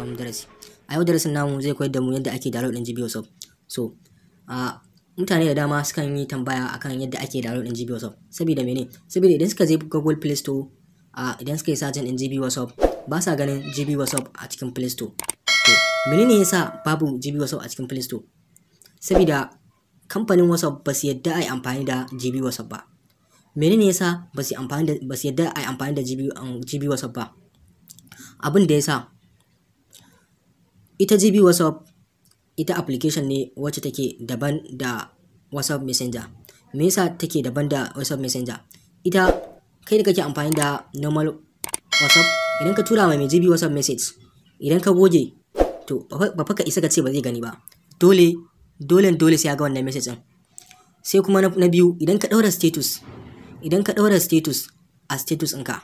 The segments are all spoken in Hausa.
sabon um, darasi a yau darasin namu zai koyar da mu yadda ake download din gbsoft so a mutane da dama sukan yi tambaya akan yadda ake download din gbsoft saboda mene saboda idan suka je google play store a idan suka yi search din gbsoft ba sa ganin gbsoft a cikin play store to menene yasa babu gbsoft a cikin play store saboda kamfanin whatsapp ba su yadda a yi amfani da gb whatsapp ba menene yasa ba su yadda a yi amfani da gb um, whatsapp ba abin da yasa ita gb whatsapp ita application ne wacce take daban da whatsapp messenger me yasa take daban da whatsapp messenger ita kai da kake amfani da normal whatsapp idan ka tura mai gb whatsapp message idan ka goge to ba fa ka isa ka ce ba zai gani ba dole dole dole sai ya ga wannan message din sai kuma na biyu idan ka daura status idan ka daura status a status ɗinka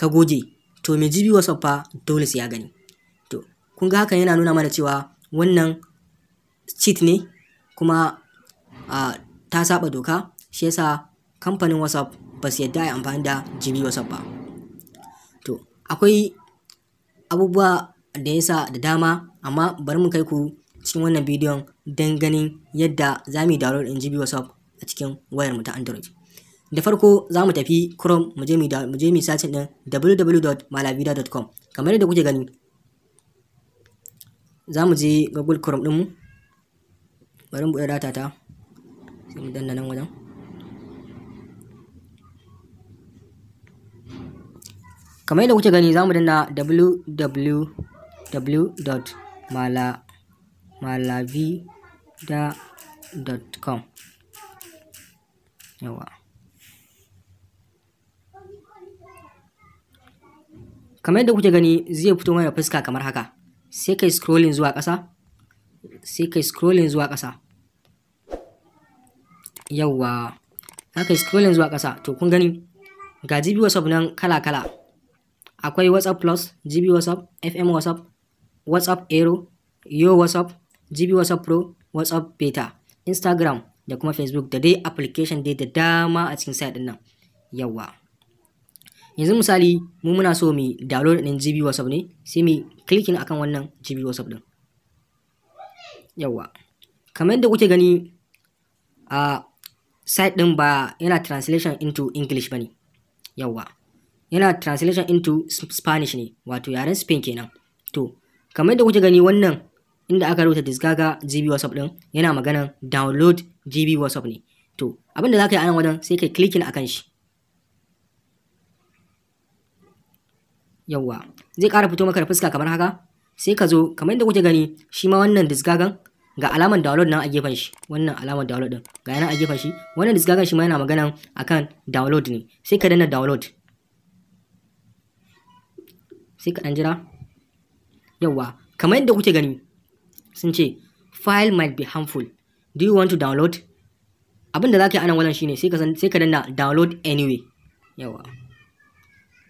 ka goge to mai jibi whatsapp fa dole sai ya gani kun ga hakan yana nuna mana cewa wannan cheat ne kuma ta saba doka shi yasa kamfanin whatsapp ba su yadda ya amfani da gb whatsapp ba to akwai abubuwa da yasa da dama amma bari mu kai ku cikin wannan bidiyon don ganin yadda za mu yi download in gb whatsapp a cikin wayar mu ta android da farko za mu tafi chrome mu je mu yi sacin din www.malavida.com kamar yadda kuke gani za mu je google chrome ɗinmu bari mu buɗe data ta sai mu danna nan wajen kamar yadda kuke gani za mu danna www.malavida.com yawa kamar yadda kuke gani zai fito mana fuska kamar haka sai kai scrolling zuwa ƙasa sai kai scrolling zuwa ƙasa yawwa haka scrolling zuwa ƙasa to kun gani ga GB WhatsApp nan kala-kala akwai WhatsApp Plus GB WhatsApp FM WhatsApp WhatsApp Aero Yo WhatsApp GB WhatsApp Pro WhatsApp Beta Instagram da kuma Facebook da dai application dai da dama a cikin site din nan yawwa yanzu misali mu muna so mu download din GB WhatsApp ne sai mu clicking akan wannan GB WhatsApp din yawa kamar yadda kuke gani a site din ba yana translation into English bane yawa yana translation into Spanish ne wato yaren Spain kenan to kamar yadda kuke gani wannan inda aka rubuta disgaga GB WhatsApp din yana maganan download GB WhatsApp ne to abinda ka yi a nan wajen sai kai clicking akan shi yawwa zai ƙara fito maka da fuska kamar haka sai ka zo kamar yadda kuke gani shi ma wannan disgagan ga alamar download nan a gefen shi wannan alamar download din ga yana a gefen shi wannan disgagan shi ma yana magana akan download ne sai ka danna download sai ka dan jira yawwa kamar yadda kuke gani sun ce file might be harmful do you want to download abin da za ka yi anan wannan shine sai ka danna download anyway yawa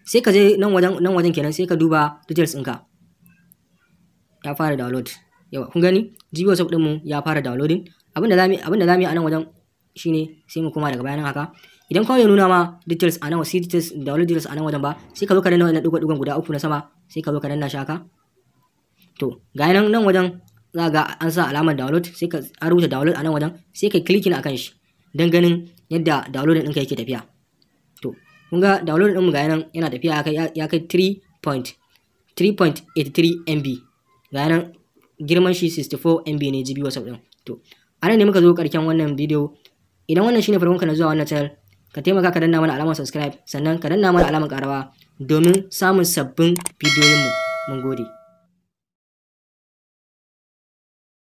sai ka je nan wajen nan wajen kenan sai ka duba details ɗinka ya fara download yawa kun gani jibi WhatsApp din mu ya fara downloading abinda zamu abinda zamu yi a nan wajen shine sai mu koma daga bayanan haka idan kawai ya nuna ma details a nan sai details download details a nan wajen ba sai ka zo ka danna wannan dugo dugon guda uku na sama sai ka zo ka danna shi haka to ga nan nan wajen za ga an sa alamar download sai ka an rubuta download a nan wajen sai ka clicking akan shi dan ganin yadda downloading ɗinka yake tafiya kun ga download ɗinmu ga nan yana tafiya ya kai 3.83 MB ga nan girman shi 64 MB ne GB WhatsApp ɗin to anan ne muka zo ƙarshen wannan bidiyo idan wannan shine farkon ka na zuwa wannan channel ka taimaka ka danna mana alamar subscribe sannan ka danna mana alamar karawa domin samun sabbin bidiyoyinmu mun gode